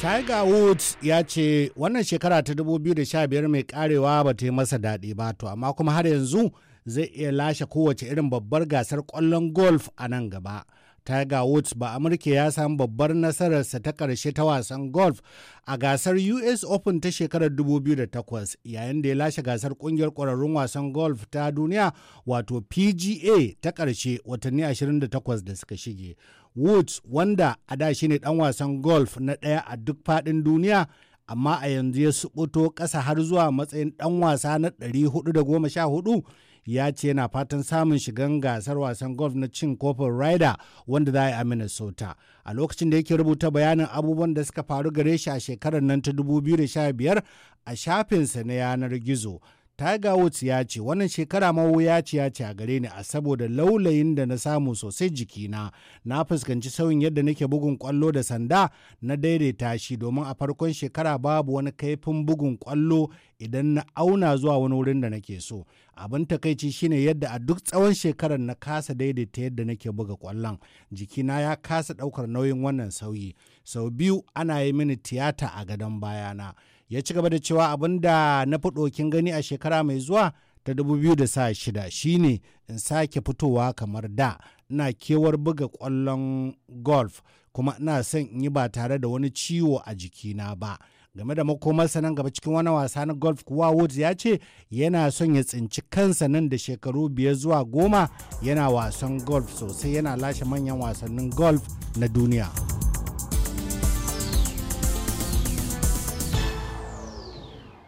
Tiger Woods ya ce wannan shekara ta 2015 mai karewa ba ta yi masa daɗi ba to amma kuma har yanzu zai iya lashe kowace irin babbar gasar ƙwallon golf a nan gaba. Tiger Woods ba Amurka ya samu babbar nasararsa ta ƙarshe ta wasan golf a gasar US Open ta shekarar 2008 yayin da ya lashe gasar ƙungiyar ƙwararrun wasan golf ta duniya wato PGA ta ƙarshe watanni 28 da suka shige. Woods wanda a da shi ne ɗan wasan golf na ɗaya a duk faɗin duniya amma a yanzu ya suɓuto ƙasa har zuwa matsayin ɗan wasa na 414 ya ce yana fatan samun shigan gasar wasan golf na cin kofin Ryder wanda za a yi a Minnesota. A lokacin da yake rubuta bayanin abubuwan da suka faru gare shi a shekarar nan ta 2015 a shafinsa na yanar gizo. Tiger Woods ya ce wannan shekara mawuyaciya ce a gare ni a saboda laulayin da na samu sosai jikina na fuskanci sauyin yadda nake bugun kwallo da sanda na daidaita shi domin a farkon shekara babu wani kaifin bugun kwallo idan na auna zuwa wani wurin da nake so abin takaici shine yadda a duk tsawon shekarar na kasa daidaita yadda nake buga kwallon jikina ya kasa daukar nauyin wannan sauyi sau biyu ana yi mini tiyata a gadon bayana ya ci gaba da cewa abin da na fi ɗokin gani a shekara mai zuwa ta 2016 shine in sake fitowa kamar da ina kewar buga kwallon golf kuma ina son in yi ba tare da wani ciwo a jikina ba game da makomarsa nan gaba cikin wani wasa na golf kuwa woods ya ce yana son ya tsinci kansa nan da shekaru biyar zuwa goma yana wasan golf sosai yana lashe manyan wasannin golf na duniya.